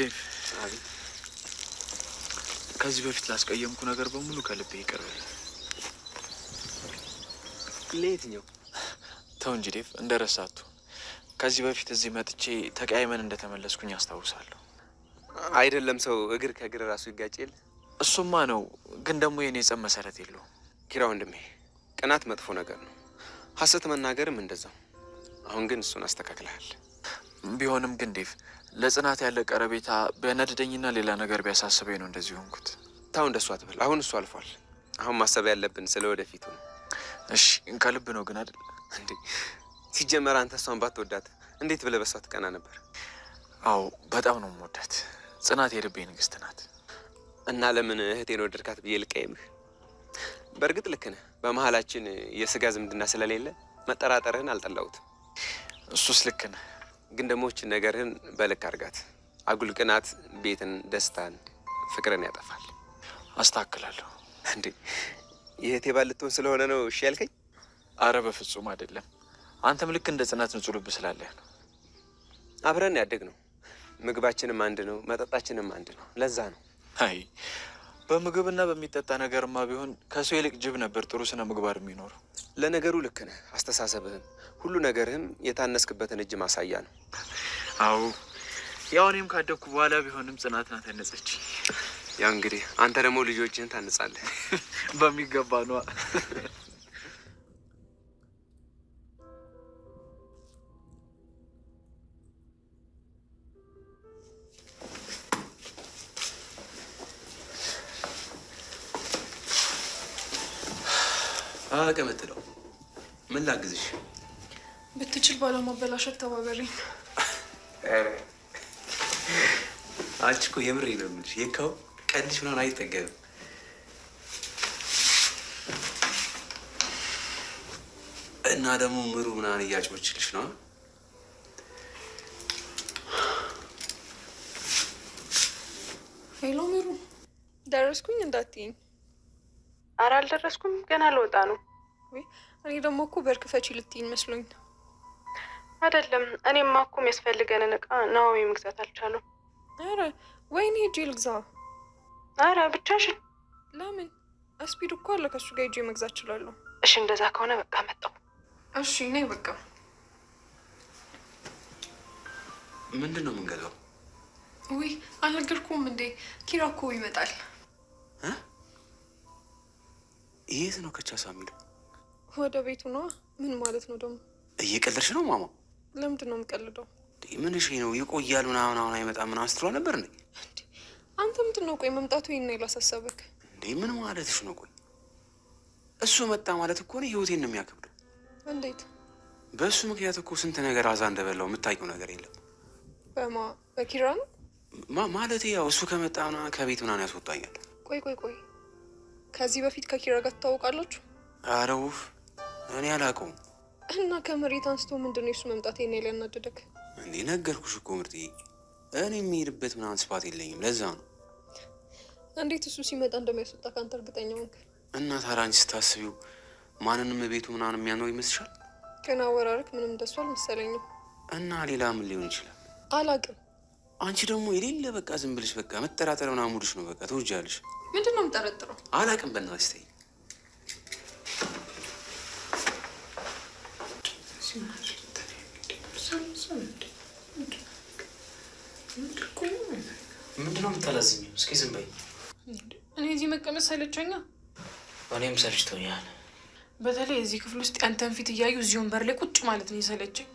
ዴቭ ከዚህ በፊት ላስቀየምኩ ነገር በሙሉ ከልቤ ይቅር በለኝ። ለየትኛው? ተው እንጂ ዴቭ፣ እንደ ረሳቱ ከዚህ በፊት እዚህ መጥቼ ተቀያይመን እንደተመለስኩኝ አስታውሳለሁ። አይደለም ሰው እግር ከእግር ራሱ ይጋጭል። እሱማ ነው፣ ግን ደግሞ የኔ ጸብ መሰረት የለውም። ኪራ ወንድሜ፣ ቅናት መጥፎ ነገር ነው፣ ሀሰት መናገርም እንደዛው። አሁን ግን እሱን አስተካክለሃል። ቢሆንም ግን ዴቭ ለጽናት ያለ ቀረቤታ ቢያናድደኝና ሌላ ነገር ቢያሳስበኝ ነው እንደዚህ ሆንኩት። ታው እንደሱ አትበል። አሁን እሱ አልፏል። አሁን ማሰብ ያለብን ስለ ወደፊቱ ነው። እሺ ከልብ ነው ግን አይደል እንዴ? ሲጀመር አንተ እሷን ባትወዳት እንዴት ብለህ በሷ ትቀና ነበር? አዎ በጣም ነው የምወዳት። ጽናት የልቤ ንግስት ናት። እና ለምን እህቴን ወደድካት ብዬ ልቀየምህ? በእርግጥ ልክ ነህ። በመሀላችን የስጋ ዝምድና ስለሌለ መጠራጠርህን አልጠላሁትም። እሱስ ልክ ነህ። ግን ደግሞ እችን ነገርህን በልክ አድርጋት። አጉል ቅናት ቤትን፣ ደስታን፣ ፍቅርን ያጠፋል። አስተካክላለሁ። እንዴ የእህቴ ባል ልትሆን ስለሆነ ነው እሺ ያልከኝ? አረ በፍጹም አይደለም። አንተም ልክ እንደ ጽናት ንጹህ ልብ ስላለህ ነው። አብረን ያደግ ነው። ምግባችንም አንድ ነው፣ መጠጣችንም አንድ ነው። ለዛ ነው አይ በምግብና በሚጠጣ ነገርማ ቢሆን ከሱ ይልቅ ጅብ ነበር ጥሩ ስነ ምግባር የሚኖረው። ለነገሩ ልክ ነህ። አስተሳሰብህም ሁሉ ነገርህም የታነስክበትን እጅ ማሳያ ነው። አዎ ያው እኔም ካደግኩ በኋላ ቢሆንም ጽናት ናት ያነጸች። ያው እንግዲህ አንተ ደግሞ ልጆችህን ታነጻለህ። በሚገባ ነዋ። ራቀ የምትለው ምን ላግዝሽ? ብትችል ባለማበላሸት ተባበሪ። አንቺ እኮ የምሬ ነው የምልሽ። የካው ቀንሽ ምናምን አይጠገብም። እና ደግሞ ምሩ ምናምን እያጮችልሽ ነው ሄሎ ምሩ፣ ደረስኩኝ እንዳትይኝ። አረ አልደረስኩም ገና ልወጣ ነው። እኔ ደግሞ እኮ በርክ ፈቺ ልትይኝ መስሎኝ ነው። አይደለም እኔማ እኮ የሚያስፈልገንን እቃ ናሆሚ መግዛት አልቻለም። አረ ወይኔ ሂጅ ልግዛ። አረ ብቻሽን ለምን? አስፒድ እኮ አለ ከሱ ጋር ሂጅ መግዛት እችላለሁ። እሺ እንደዛ ከሆነ በቃ መጣው። እሺ ነይ በቃ። ምንድን ነው የምንገዛው? ውይ አልነገርኩም እንዴ? ኪራ እኮ ይመጣል። የት ነው ከቻሳ የሚለው ወደ ቤቱ ነ ምን ማለት ነው ደግሞ? እየቀለድሽ ነው ማማ? ለምንድን ነው የምቀልደው? ምንሽ ነው ይቆያል ምናምን አሁን አይመጣም ምናምን ስትሏ ነበር እንዴ? አንተ ምንድን ነው ቆይ መምጣቱ ይና ይላሳሰበክ እንዴ? ምን ማለትሽ ነው? ቆይ እሱ መጣ ማለት እኮ ነው ህይወቴን ነው የሚያከብደው። እንዴት? በእሱ ምክንያት እኮ ስንት ነገር አዛ እንደበላው የምታውቂው ነገር የለም። በማ በኪራ ነው ማለት ያው እሱ ከመጣና ከቤት ምናምን ያስወጣኛል። ቆይ ቆይ ቆይ ከዚህ በፊት ከኪራ ጋር ትታወቃላችሁ? አረውፍ እኔ አላውቀውም። እና ከመሬት አንስቶ ምንድን ነው የሱ መምጣት ላይ ሊያናደደክ? እንዴ ነገርኩሽ እኮ ምርጥ፣ እኔ የሚሄድበት ምናምን ስፋት የለኝም። ለዛ ነው። እንዴት እሱ ሲመጣ እንደሚያስወጣ ከአንተ እርግጠኛ ሆንክ? እና ታራኝ ስታስቢው ማንንም ቤቱ ምናምን የሚያኖር ይመስልሻል? ገና አወራረክ ምንም እንደሱ አልመሰለኝም። እና ሌላ ምን ሊሆን ይችላል? አላውቅም። አንቺ ደግሞ የሌለ በቃ ዝም ብልሽ በቃ መጠራጠር ምናምን ሙድሽ ነው። በቃ ትውጃለሽ። ምንድን ነው የምጠረጥረው? አላውቅም። በእናትሽ ተይኝ ምንድን ነው የምታላዝኝው? እስኪ ዝም በይ። እኔ እዚህ መቀመጥ ሰለቸኛ። እኔም ሰልችቶኛል። በተለይ እዚህ ክፍል ውስጥ ያንተን ፊት እያዩ እዚህ ወንበር ላይ ቁጭ ማለት ነው የሰለቸኝ።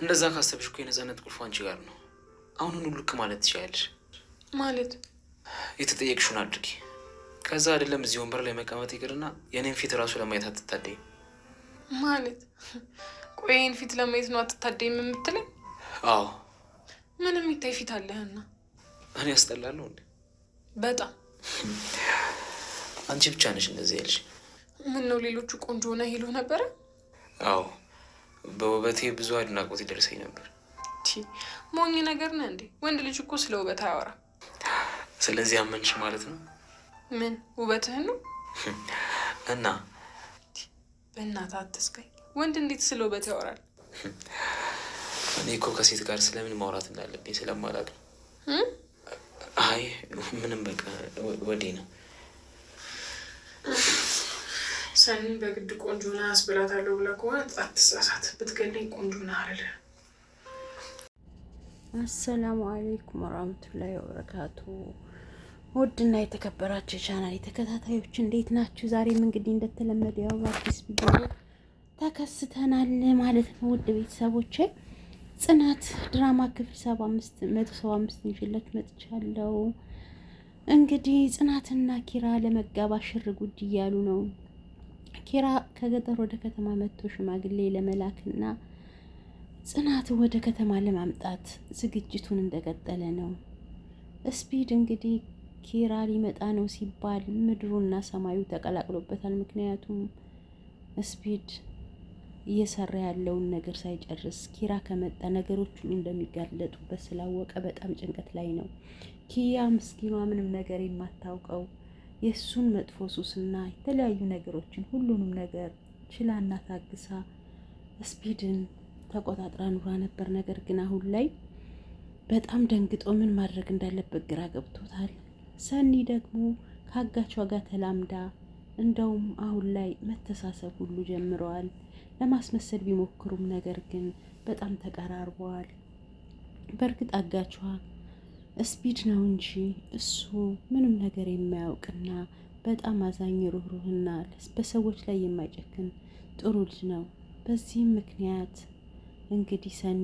እንደዛ ካሰብሽ እኮ የነፃነት ቁልፉ አንቺ ጋር ነው። አሁኑኑ ልክ ማለት ትችያለሽ። ማለት የተጠየቅሽውን አድርጊ። ከዛ አይደለም እዚህ ወንበር ላይ መቀመጥ ይቅርና የእኔም ፊት እራሱ ለማየት አትታደይም ማለት ቆይ ይህን ፊት ለማየት ነው አትታደይም የምትለኝ? አዎ ምን የሚታይ ፊት አለህና? እኔ ያስጠላለሁ እንዴ? በጣም አንቺ ብቻ ነሽ እንደዚህ ያልሽ። ምን ነው ሌሎቹ ቆንጆ ሆነ ይሉ ነበረ? አዎ በውበቴ ብዙ አድናቆት ይደርሰኝ ነበር። ሞኝ ነገር ነህ እንዴ? ወንድ ልጅ እኮ ስለ ውበት አያወራም? ስለዚህ አመንሽ ማለት ነው? ምን ውበትህን ነው እና በእናትህ አትስቀኝ። ወንድ እንዴት ስለ ውበት ያወራል? እኔ እኮ ከሴት ጋር ስለምን ማውራት እንዳለብኝ ስለማላቅ ነው። አይ ምንም በቃ ወዴ ነው። ሰኒን በግድ ቆንጆና አስብላታለሁ ብላ ከሆነ አትሳሳት። ብትገለኝ ቆንጆና አለ። አሰላሙ አሌይኩም ወራህመቱላሂ ወበረካቱ። ውድና የተከበራችሁ ቻናል የተከታታዮች እንዴት ናችሁ? ዛሬም እንግዲህ እንደተለመደ ያው በአዲስ ቪዲዮ ተከስተናል ማለት ነው። ውድ ቤተሰቦቼ ጽናት ድራማ ክፍል ሰባ አምስት መቶ ሰባ አምስት ይዤላችሁ መጥቻለሁ። እንግዲህ ጽናትና ኪራ ለመጋባ ሽር ጉድ እያሉ ነው። ኪራ ከገጠር ወደ ከተማ መጥቶ ሽማግሌ ለመላክና ጽናት ወደ ከተማ ለማምጣት ዝግጅቱን እንደቀጠለ ነው። ስፒድ እንግዲህ ኪራ ሊመጣ ነው ሲባል ምድሩና ሰማዩ ተቀላቅሎበታል። ምክንያቱም ስፒድ እየሰራ ያለውን ነገር ሳይጨርስ ኪራ ከመጣ ነገሮች ሁሉ እንደሚጋለጡበት ስላወቀ በጣም ጭንቀት ላይ ነው። ኪያ ምስኪኗ ምንም ነገር የማታውቀው የእሱን መጥፎ ሱስና የተለያዩ ነገሮችን ሁሉንም ነገር ችላና ታግሳ ስፒድን ተቆጣጥራ ኑራ ነበር። ነገር ግን አሁን ላይ በጣም ደንግጦ ምን ማድረግ እንዳለበት ግራ ገብቶታል። ሰኒ ደግሞ ከአጋቿ ጋር ተላምዳ እንደውም አሁን ላይ መተሳሰብ ሁሉ ጀምረዋል። ለማስመሰል ቢሞክሩም ነገር ግን በጣም ተቀራርበዋል። በእርግጥ አጋቿ ስፒድ ነው እንጂ እሱ ምንም ነገር የማያውቅና በጣም አዛኝ ሩህሩህና በሰዎች ላይ የማይጨክን ጥሩ ልጅ ነው። በዚህም ምክንያት እንግዲህ ሰኒ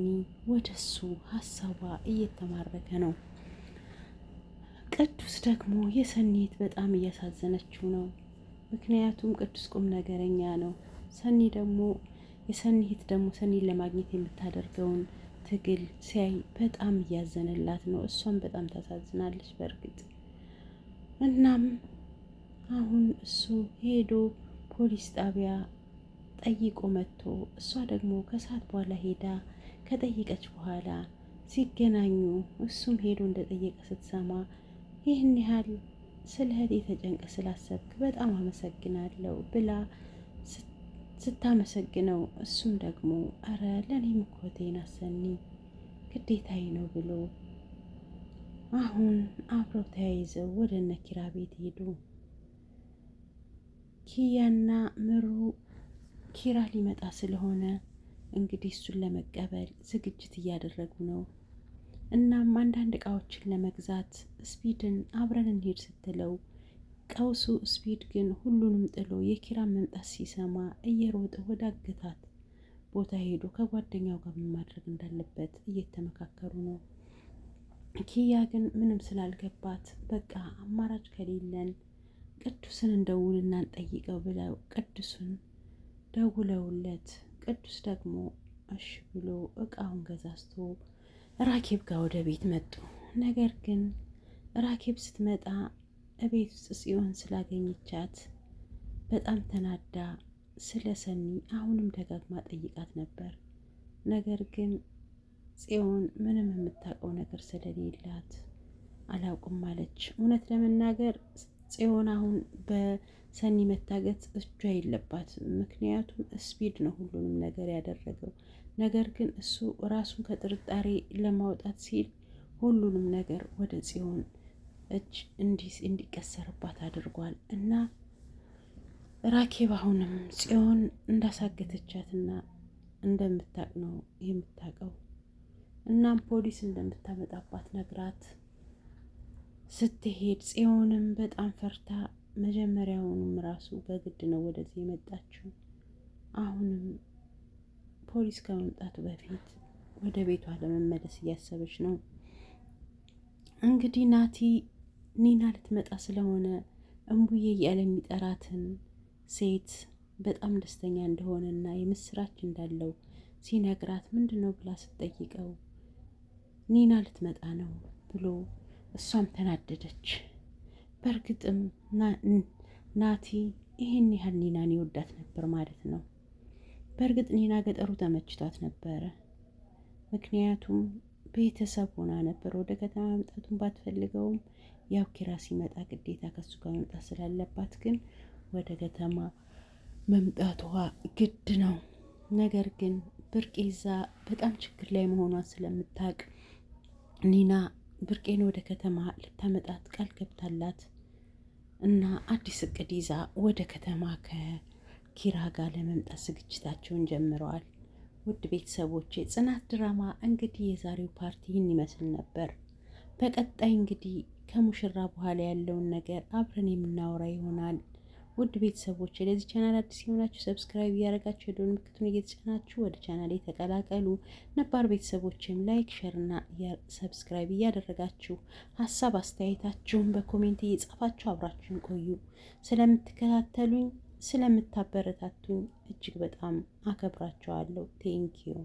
ወደ እሱ ሀሳቧ እየተማረከ ነው። ቅዱስ ደግሞ የሰኒት በጣም እያሳዘነችው ነው። ምክንያቱም ቅዱስ ቁም ነገረኛ ነው። ሰኒ ደግሞ የሰኒ እህት ደግሞ ሰኒን ለማግኘት የምታደርገውን ትግል ሲያይ በጣም እያዘነላት ነው። እሷም በጣም ታሳዝናለች በእርግጥ እናም አሁን እሱ ሄዶ ፖሊስ ጣቢያ ጠይቆ መጥቶ እሷ ደግሞ ከሰዓት በኋላ ሄዳ ከጠየቀች በኋላ ሲገናኙ እሱም ሄዶ እንደጠየቀ ስትሰማ ይህን ያህል ስለ እህቴ ተጨንቀ ስላሰብክ በጣም አመሰግናለሁ ብላ ስታመሰግነው እሱም ደግሞ አረ ለእኔ ምኮቴን አሰኒ ግዴታዬ ነው ብሎ አሁን አብረው ተያይዘው ወደ እነ ኪራ ቤት ሄዱ። ኪያና ምሩ ኪራ ሊመጣ ስለሆነ እንግዲህ እሱን ለመቀበል ዝግጅት እያደረጉ ነው። እናም አንዳንድ እቃዎችን ለመግዛት ስፒድን አብረን እንሄድ ስትለው ቀውሱ ስፒድ ግን ሁሉንም ጥሎ የኪራ መምጣት ሲሰማ እየሮጠ ወደ አገታት ቦታ ሄዶ ከጓደኛው ጋር ምን ማድረግ እንዳለበት እየተመካከሩ ነው። ኪያ ግን ምንም ስላልገባት በቃ አማራጭ ከሌለን ቅዱስን እንደውልና እንጠይቀው ብለው ቅዱስን ደውለውለት ቅዱስ ደግሞ እሺ ብሎ እቃውን ገዛዝቶ ራኬብ ጋር ወደ ቤት መጡ። ነገር ግን ራኬብ ስትመጣ እቤት ውስጥ ጽዮን ስላገኘቻት በጣም ተናዳ ስለ ሰኒ አሁንም ደጋግማ ጠይቃት ነበር። ነገር ግን ጽዮን ምንም የምታውቀው ነገር ስለሌላት አላውቅም አለች። እውነት ለመናገር ጽዮን አሁን በሰኒ መታገት እጇ የለባት ምክንያቱም ስፒድ ነው ሁሉንም ነገር ያደረገው። ነገር ግን እሱ ራሱን ከጥርጣሬ ለማውጣት ሲል ሁሉንም ነገር ወደ ጽዮን እጅ እንዲቀሰርባት አድርጓል እና ራኬብ አሁንም ጽዮን እንዳሳገተቻትና እንደምታቅ ነው የምታቀው። እናም ፖሊስ እንደምታመጣባት ነግራት ስትሄድ ጽዮንም በጣም ፈርታ መጀመሪያውንም ራሱ በግድ ነው ወደዚህ የመጣችው። አሁንም ፖሊስ ከመምጣቱ በፊት ወደ ቤቷ ለመመለስ እያሰበች ነው። እንግዲህ ናቲ ኒና ልትመጣ ስለሆነ እምቡዬ እያለ የሚጠራትን ሴት በጣም ደስተኛ እንደሆነና የምስራች እንዳለው ሲነግራት ምንድን ነው ብላ ስትጠይቀው ኒና ልትመጣ ነው ብሎ እሷም ተናደደች። በእርግጥም ናቲ ይህን ያህል ኒናን ይወዳት ነበር ማለት ነው። በእርግጥ ኒና ገጠሩ ተመችቷት ነበረ። ምክንያቱም ቤተሰብ ሆና ነበር። ወደ ከተማ መምጣቱን ባትፈልገውም ያው ኪራ ሲመጣ ግዴታ ከሱ ጋር መምጣት ስላለባት ግን ወደ ከተማ መምጣቷ ግድ ነው። ነገር ግን ብርቄ ይዛ በጣም ችግር ላይ መሆኗን ስለምታውቅ ኒና ብርቄን ወደ ከተማ ልታመጣት ቃል ገብታላት እና አዲስ እቅድ ይዛ ወደ ከተማ ከኪራ ጋር ለመምጣት ዝግጅታቸውን ጀምረዋል። ውድ ቤተሰቦቼ ጽናት ድራማ እንግዲህ የዛሬው ፓርቲ ይህን ይመስል ነበር። በቀጣይ እንግዲህ ከሙሽራ በኋላ ያለውን ነገር አብረን የምናወራ ይሆናል። ውድ ቤተሰቦች ለዚህ ቻናል አዲስ የሆናችሁ ሰብስክራይብ እያደረጋችሁ የደወል ምልክቱን እየተጫናችሁ ወደ ቻናል የተቀላቀሉ፣ ነባር ቤተሰቦችም ላይክ፣ ሸርና ሰብስክራይብ እያደረጋችሁ ሀሳብ አስተያየታችሁን በኮሜንት እየጻፋችሁ አብራችሁን ቆዩ። ስለምትከታተሉኝ፣ ስለምታበረታቱኝ እጅግ በጣም አከብራችኋለሁ። ቴንኪዩ